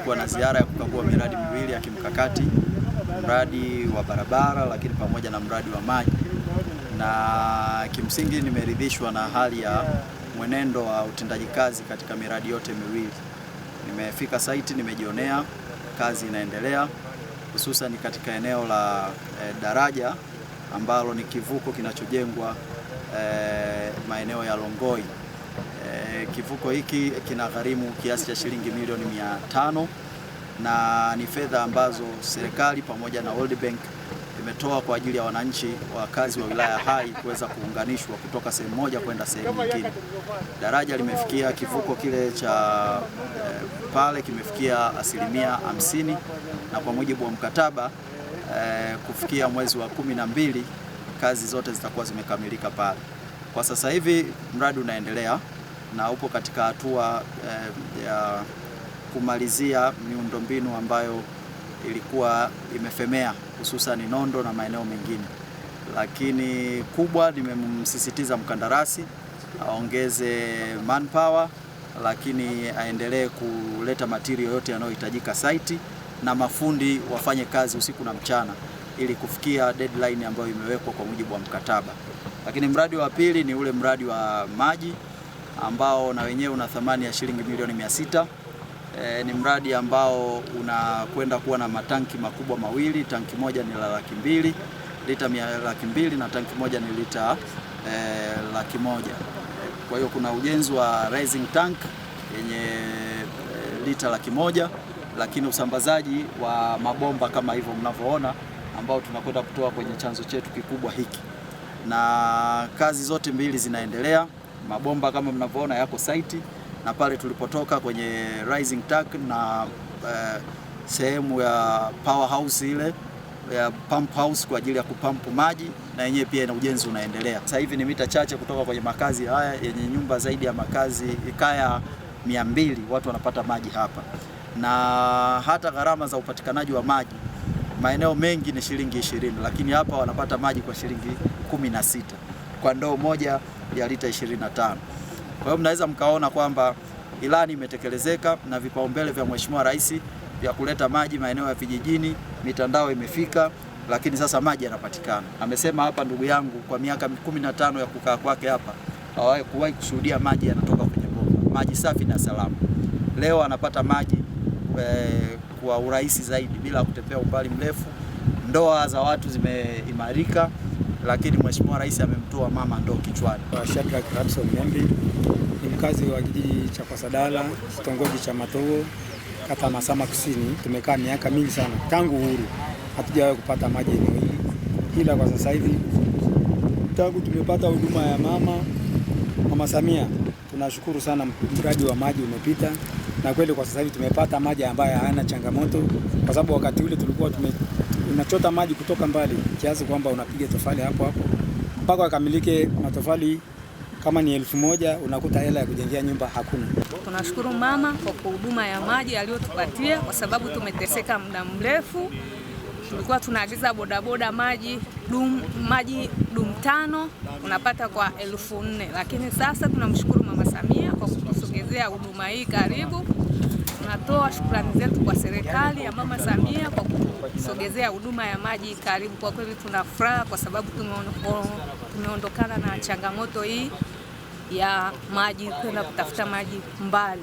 kulikuwa na ziara ya kukagua miradi miwili ya kimkakati, mradi wa barabara lakini pamoja na mradi wa maji, na kimsingi nimeridhishwa na hali ya mwenendo wa utendaji kazi katika miradi yote miwili. Nimefika saiti, nimejionea kazi inaendelea, hususan katika eneo la e, daraja ambalo ni kivuko kinachojengwa e, maeneo ya Longoi. Eh, kivuko hiki kinagharimu kiasi cha shilingi milioni mia tano na ni fedha ambazo serikali pamoja na World Bank imetoa kwa ajili ya wananchi wakazi wa wilaya Hai kuweza kuunganishwa kutoka sehemu moja kwenda sehemu nyingine. Daraja limefikia kivuko kile cha e, pale kimefikia asilimia hamsini na kwa mujibu wa mkataba e, kufikia mwezi wa kumi na mbili kazi zote zitakuwa zimekamilika pale. Kwa sasa hivi mradi unaendelea na upo katika hatua eh, ya kumalizia miundombinu ambayo ilikuwa imefemea hususan nondo na maeneo mengine, lakini kubwa nimemsisitiza mkandarasi aongeze manpower, lakini aendelee kuleta material yote yanayohitajika site na mafundi wafanye kazi usiku na mchana ili kufikia deadline ambayo imewekwa kwa mujibu wa mkataba. Lakini mradi wa pili ni ule mradi wa maji ambao na wenyewe una thamani ya shilingi milioni mia sita. E, ni mradi ambao unakwenda kuwa na matanki makubwa mawili. Tanki moja ni la laki mbili lita mia laki mbili na tanki moja ni lita e, laki moja. Kwa hiyo kuna ujenzi wa rising tank yenye e, lita laki moja, lakini usambazaji wa mabomba kama hivyo mnavyoona ambao tunakwenda kutoa kwenye chanzo chetu kikubwa hiki, na kazi zote mbili zinaendelea. Mabomba kama mnavyoona yako site na pale tulipotoka kwenye rising tank na eh, sehemu ya powerhouse ile ya pump house kwa ajili ya kupampu maji na yenyewe pia na ujenzi unaendelea. Sasa hivi ni mita chache kutoka kwenye makazi haya yenye nyumba zaidi ya makazi kaya mbili, watu wanapata maji hapa, na hata gharama za upatikanaji wa maji maeneo mengi ni shilingi ishirini, lakini hapa wanapata maji kwa shilingi kumi na sita kwa ndoo moja ya lita 25. Kwa hiyo mnaweza mkaona kwamba ilani imetekelezeka na vipaumbele vya Mheshimiwa Rais vya kuleta maji maeneo ya vijijini, mitandao imefika, lakini sasa maji yanapatikana. Amesema hapa ndugu yangu, kwa miaka 15 ya kukaa kwake hapa hawahi kuwahi kushuhudia maji yanatoka kwenye bomba, maji safi na salama. Leo anapata maji eh, kwa urahisi zaidi bila kutembea umbali mrefu. Ndoa za watu zimeimarika, lakini Mheshimiwa Rais amemtoa mama ndoo kichwani. Shadrack Radson Membi ni mkazi wa kijiji cha Kwasadala, kitongoji cha Matogo, kata Masama Kusini. Tumekaa miaka mingi sana tangu uhuru, hatujawahi kupata maji eneo hili, ila kwa sasa hivi tangu tumepata huduma ya mama mama Samia tunashukuru sana, mradi wa maji umepita na kweli kwa sasa hivi tumepata maji ambayo hayana changamoto, kwa sababu wakati ule tulikuwa tume, unachota maji kutoka mbali kiasi kwamba unapiga tofali hapo hapo mpaka akamilike matofali kama ni elfu moja unakuta hela ya kujengea nyumba hakuna. Tunashukuru mama kwa huduma ya maji aliyotupatia, kwa sababu tumeteseka muda mrefu. Tulikuwa tunaagiza bodaboda maji dum, maji dum tano unapata kwa elfu nne, lakini sasa tunamshukuru mama Samia kwa kutuongezea huduma hii karibu. Tunatoa shukrani zetu kwa serikali ya Mama Samia kwa kusogezea huduma ya maji karibu. Kwa kweli tuna furaha kwa sababu tumeondokana na changamoto hii ya maji, kwenda kutafuta maji mbali.